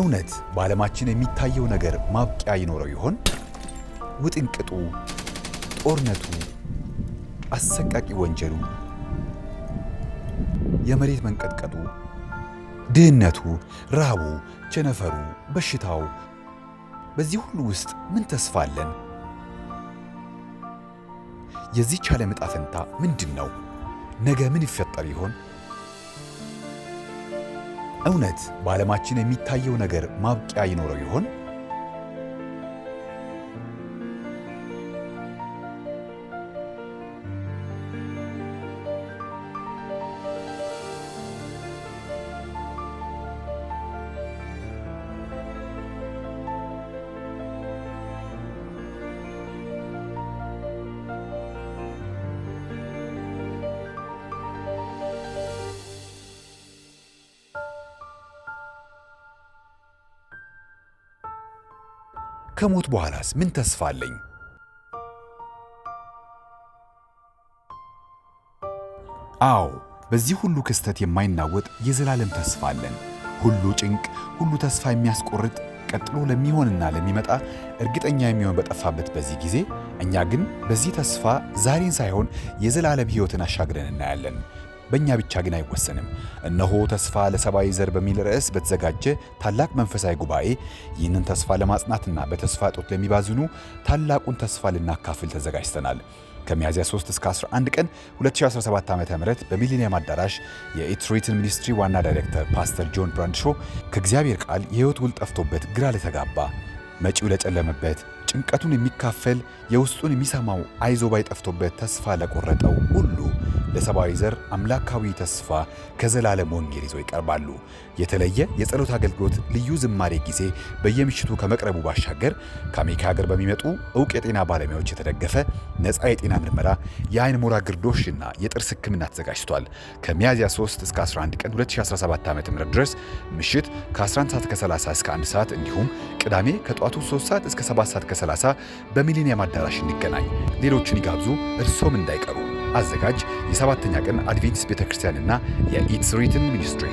እውነት በዓለማችን የሚታየው ነገር ማብቂያ ይኖረው ይሆን? ውጥንቅጡ፣ ጦርነቱ፣ አሰቃቂ ወንጀሉ፣ የመሬት መንቀጥቀጡ፣ ድህነቱ፣ ራቡ፣ ቸነፈሩ፣ በሽታው፣ በዚህ ሁሉ ውስጥ ምን ተስፋ አለን? የዚህች ዓለም ዕጣ ፈንታ ምንድን ነው? ነገ ምን ይፈጠር ይሆን? እውነት በዓለማችን የሚታየው ነገር ማብቂያ ይኖረው ይሆን? ከሞት በኋላስ ምን ተስፋ አለኝ? አዎ በዚህ ሁሉ ክስተት የማይናወጥ የዘላለም ተስፋ አለን። ሁሉ ጭንቅ፣ ሁሉ ተስፋ የሚያስቆርጥ ቀጥሎ ለሚሆንና ለሚመጣ እርግጠኛ የሚሆን በጠፋበት በዚህ ጊዜ እኛ ግን በዚህ ተስፋ ዛሬን ሳይሆን የዘላለም ሕይወትን አሻግረን እናያለን። በእኛ ብቻ ግን አይወሰንም። እነሆ ተስፋ ለሰብአዊ ዘር በሚል ርዕስ በተዘጋጀ ታላቅ መንፈሳዊ ጉባኤ ይህንን ተስፋ ለማጽናትና በተስፋ እጦት ለሚባዝኑ ታላቁን ተስፋ ልናካፍል ተዘጋጅተናል። ከሚያዝያ 3 እስከ 11 ቀን 2017 ዓ.ም በሚሊኒየም አዳራሽ የኢትሪትን ሚኒስትሪ ዋና ዳይሬክተር ፓስተር ጆን ብራንድሾ ከእግዚአብሔር ቃል የሕይወት ውል ጠፍቶበት ግራ ለተጋባ መጪው ለጨለመበት ጭንቀቱን የሚካፈል የውስጡን የሚሰማው አይዞ ባይጠፍቶበት ጠፍቶበት ተስፋ ለቆረጠው ሁሉ ለሰብአዊ ዘር አምላካዊ ተስፋ ከዘላለም ወንጌል ይዘው ይቀርባሉ። የተለየ የጸሎት አገልግሎት ልዩ ዝማሬ ጊዜ በየምሽቱ ከመቅረቡ ባሻገር ከአሜሪካ ሀገር በሚመጡ እውቅ የጤና ባለሙያዎች የተደገፈ ነፃ የጤና ምርመራ፣ የአይን ሞራ ግርዶሽና የጥርስ ሕክምና ተዘጋጅቷል። ከሚያዝያ 3 እስከ 11 ቀን 2017 ዓ.ም ድረስ ምሽት ከ11 ሰዓት ከ30 እስከ 1 ሰዓት እንዲሁም ቅዳሜ ከጠዋቱ 3 ሰዓት እስከ 7 ሰዓት 30 በሚሊኒየም አዳራሽ እንገናኝ። ሌሎችን ይጋብዙ፣ እርሶም እንዳይቀሩ። አዘጋጅ የሰባተኛ ቀን አድቬንቲስት ቤተክርስቲያንና የኢትስሪትን ሚኒስትሪ